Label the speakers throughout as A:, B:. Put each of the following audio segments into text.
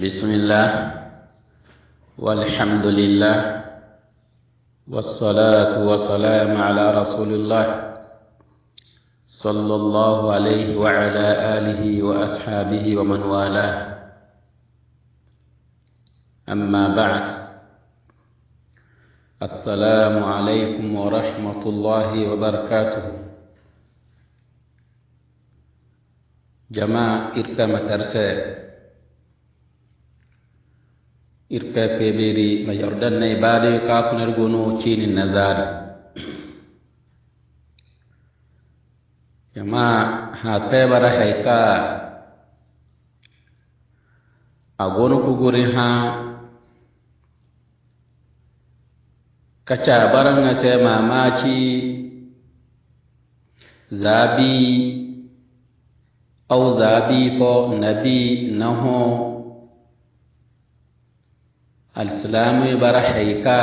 A: بسم الله والحمد لله والصلاة والسلام على رسول الله صلى الله عليه وعلى آله وأصحابه ومن والاه أما بعد السلام عليكم ورحمة الله وبركاته جماعة إركام ترسال irka peberi na yardan na ibada ka kunar gono cini na zara yamma ha pebara haika a gono kugurin ha
B: kaca baran na sai mamaci
A: zabi au zabi fo nabi naho alisilaamu bara hayika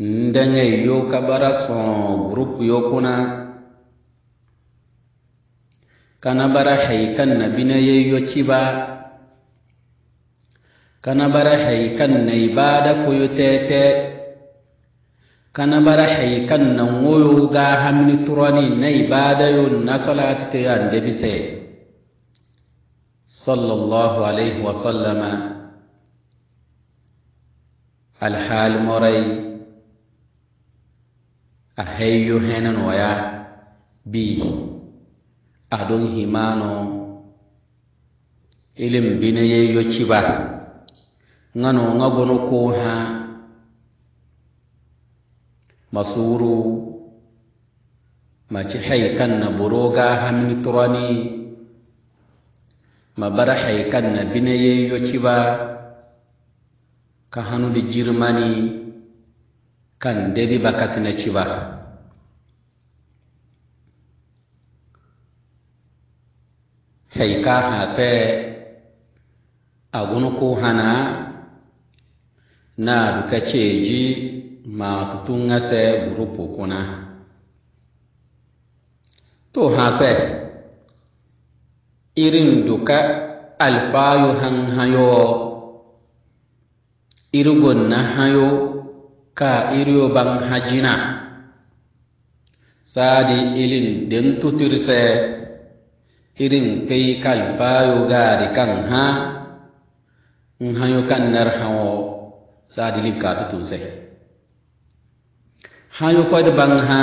A: ndeŋe yo ka bara sõo gurupu yo kuna kana bara hayika nabina ye yo ciba kana bara hayika na ibada foyo tɛɛtɛ kana bara hayika na ŋoyo gaa hamini turani na ibada yo na salati te andebise sallallahu alaihi wasallama alhaalmoray a heyyo henanoya bi aɗon himano ilim bineyeyyo ciba ŋano ŋa ko ha masuru ma ci kan na buroga hamni turani ma bara hay kan na bineyeyyo ciba ka hanude jirmani kan deriba kasina ciba hey ka ha fe agunu ko hana na duka ji ma tutun ase gurupu kuna to ha irin duka alfayu han hayo irgon na hayo ka irio ban hajina sadi ilin den tutirse irin kai kalfayo gari kan ha in hayo kan nar hawo sadi lin ka tutunse hayo fad ban ha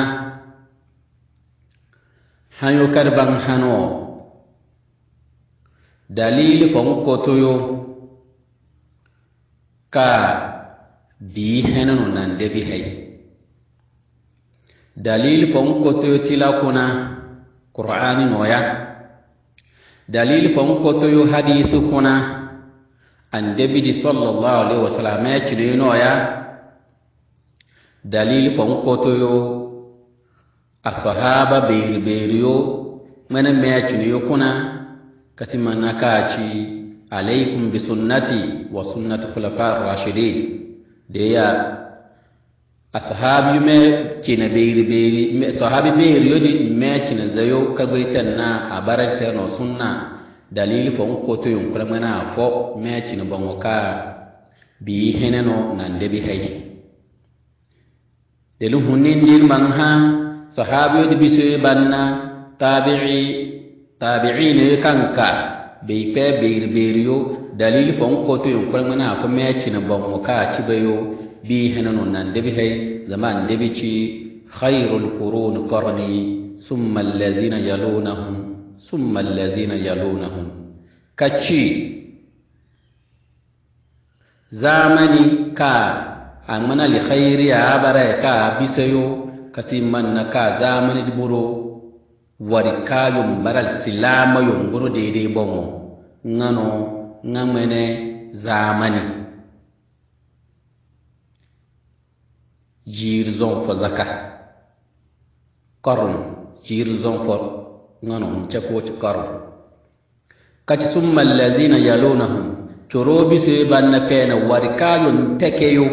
A: hayo kar ban hano dalili kon kotoyo ka bi henenu nan debi hay dalil fon kotoyo tila kuna qur'ani noya dalil fon kotoyo hadithu kuna an debidi sallallahu alaihi wasallam ya cinoyi noya dalil fon kotoyo asahaba sahaba beriberiyo mene meya cinoyo kuna kasi katimana ci. alaykum bi sunnati wa sunnati kulafa rachidin deya asahaabi me cina ɓeyri ɓeyri sahaabi ɓeyri yodi me cina zayo kaɓoy tenna a barati seno sunna dalili fo nkotoyon kulamana fo me cina bongo ka bi heneno nandebi hay delum hunnindir man ha sahaabi yodi bisoye banna taabii taabiinoyo kanka beikpe beiriberiyo dalili fo n koto yonkoliŋ na fo meya cina boŋo ka cibayo bi hinanu nan debi hay zama debi ci khairul qurun qarni summa allazina yalunahum summa allazina yalunahum ka ci zamani ka amana li khairi ya bara ka bisayo kasimman na ka zamani diburo wari kayum maral silama yongoro dede bomo ngano ngamene zamani jir zon fo zaka korn jir zon fo ngano cakoti korn kati summa allazina yalunahum corobi se banna kena wari kayon tekeyo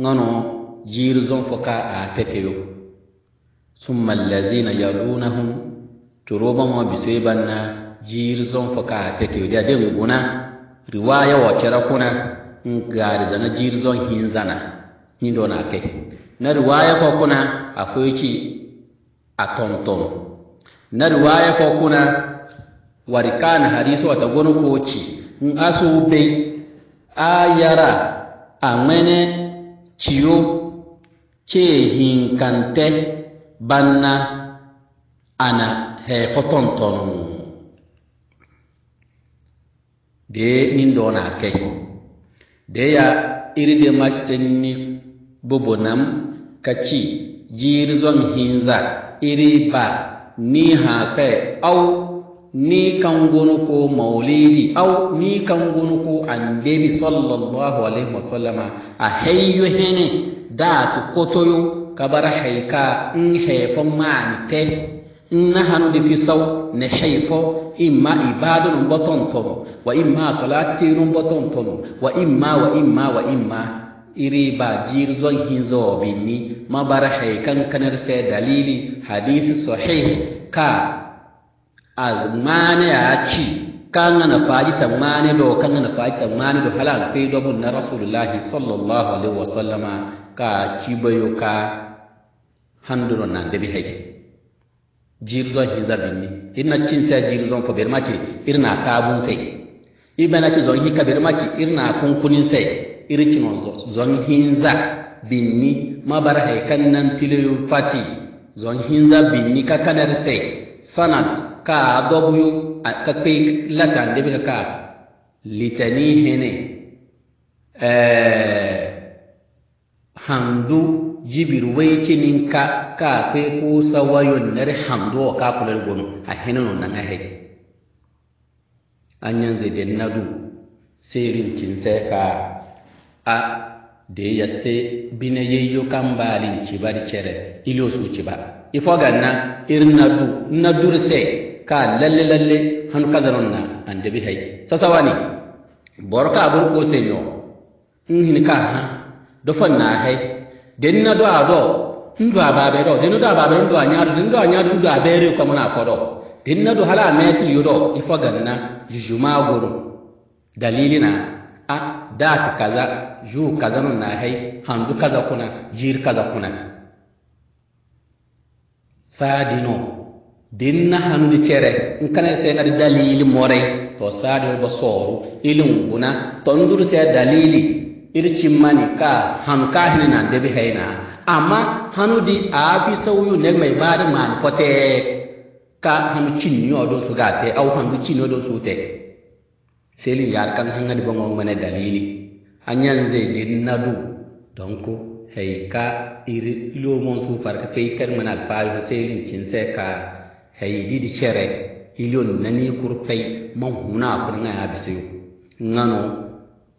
A: ngano jir zon fo ka a tekeyo summa na yalunahum turoban wa bisai banna jir zon faka ta ke da den guna riwaya wa kira kuna ga da zana jir zon hin zana hin do na kai na riwaya ko kuna akwai ki a tonton na riwaya ko kuna warikana hariso wata gonu ko ci in asu bai a yara a mene ciyo ke hinkante banna ana heefoton ton de nin ɗona kay deya iride masenni bobo nam kaci jirzon hinza iri ba ni ha kay au ni kangonu ko maulidi au ni kangonu ko andebi sallallahu alaihi wasallama a heyyo hene daatu kotoyo kabar haika in haifo In na hannu da fisau na haifo in ibadu nun boton tono wa in ma nun boton tono wa in ma wa in ma wa in ma. iri ba jir zon hin zo binni bar haikan kanar sai dalili hadisi sahih ka azmane ya ci kan na faji tamane do kan na faji tamane do halal kai do na rasulullahi sallallahu alaihi wasallama ka cibayo ka handuro na debi hay jirzo hin zabinni hinna cinsa jirzo ko ber mace irna tabun sai ibana ci zon hika ber mace irna kunkunin sai zo zon hinza binni mabara hay kannan tilu fati zon hinza binni ka kanar sai sanat ka dobuyu ka kai latan debi ka litani hene eh handu jibiru wai cinin ka ka kai ko sawayon nar hamdo ka kulal gono a hinan nan an yan zai da nadu serin cin sai ka a da ya se bina yayyo kan balin ci da cere ilo su ci ba ifo ganna irin nadu nadur sai ka lalle lalle han kadaron na an da bi hai sasawani borka abun ko senyo in hin ka ha do fanna hai den na do a do ndo a babe do denna do a babe ndo a nyaado denna do a nyaado ndo a beere ko mana ko do na do hala meti yo do ifo ganna jujuma goro dalili na a da dati kaza ju kaza non na hay handu kaza kuna jir kaza kuna sadino din na hannu cere in kana sai na dalili more to sadu ba soru ilin guna to ndur sai dalili d mani ka ham kaasini nan debi hayna amma hanu di ne mai negma ibaada maan kotee ka hanu cinniyo do sugaate aw hangu cinniyo do suute selin yaar kan hangadi bongo mane dalili a ñanze din nadu donc hay ka iri ilomon su farka kai kar mana alfayu selin cinse ka hay didi cere ilion nani kurpay man huna a ya bisayo ngano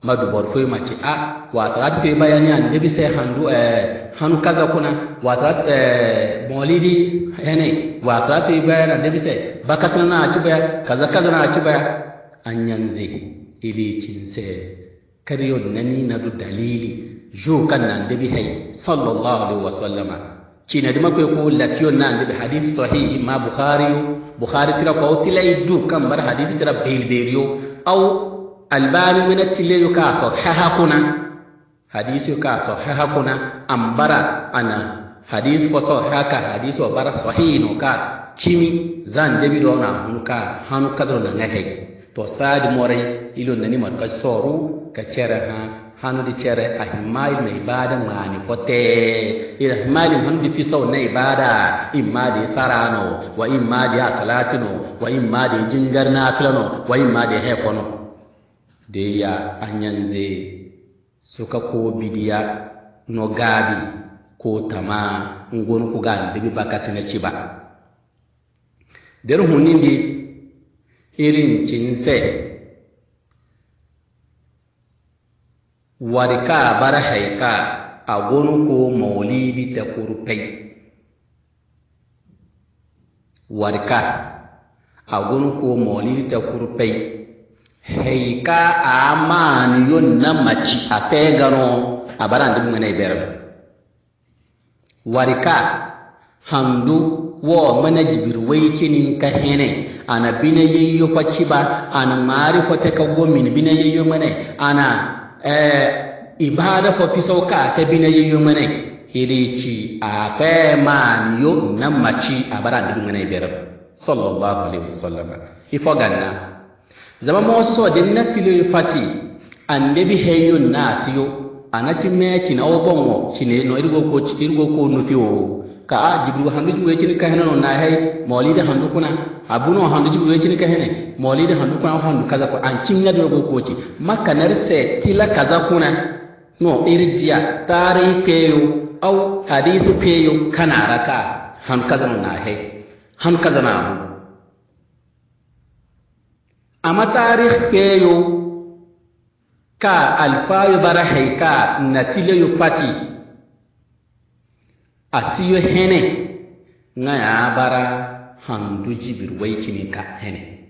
A: madubor koy maci a wasarat fe bayani an debi se handu eh, hanu kaga kuna wasarat eh, molidi hene wasarat fe bayani an debi se bakasna na ci baya kaza kaza na ci baya an yanze ili cinse kariyo nani na du dalili jo kan nan debi hay sallallahu alaihi wasallama cina dima koy ko latiyon nan debi hadith sahih ma bukhari bukhari tira ko tilay du kan bar hadith tira bilberiyo aw albani wena yu ka so ha kuna yu ka so ha kuna ambara ana hadis fo so haka hadis wa bara no ka kimi zan jabi do na hunu ka hanu na ngahe to sadi morai ilo nani mar ka soru ka cera ha hanu di a ahimai na ibada ngani fote ila himali hun di so na ibada imma di sarano wa imma di asalatino wa imma di jingar filano wa imma di hekono deya anyanze suka ko bidiya no gabi ko tama ngon ku gan bi baka sina ba der hunindi irin cinse warika bara haika a gonu ko maulidi ta kurfai warika a gonu ko maulidi ta kurfai heika ka aman yun na maci a pegano a baran dum ne Wari warika handu wo mana jibir waikinin ka hene ana bina yayyo faci ba ana mari fata eh, ka gomin bina yayyo mana ana ibada fa fi sauka ta bina yayyo mana hilici a kai man yon na maci a baran dum ne berbe sallallahu alaihi wasallam ifo ganna zama moso de natilo fati ande bi heyo nasiyo anati meci na obongo ne no irgo ko irgo ko nutiwo ka a jibril handu jiwe cini kahene no na hay maulida handu kuna abuno handu jiwe cini kahene maulida handu kuna handu kaza ko an cinna do go koti makka narse kila kaza kuna no irjiya tarihi keyo au hadithu keyo kana raka han kaza no na hay han kaza na amma tarih keyo ka alfayo bara haika ka natileyo fati A siyo hene ŋa ya bara handu jibir waykini ka hene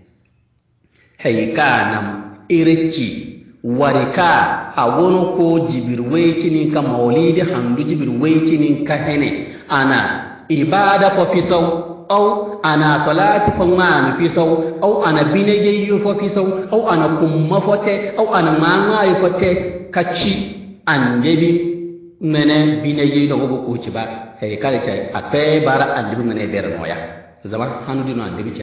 A: Haika na nam ereci wari ka a wono ko jibir waykini ka maulidi handu jibir waykini ka hene ana ibada fo fisaw aw ana salati fo ŋmaani pisow aw ana bine yeyu fo pisow aw ana kumma fo te aw ana ŋaaŋaayi fo te ka ci anjebi ŋmene bine yeyi ɗogo ɓo kuciba kare ca a kpee bara anjebi ŋmene bernoya zama hanudino andebi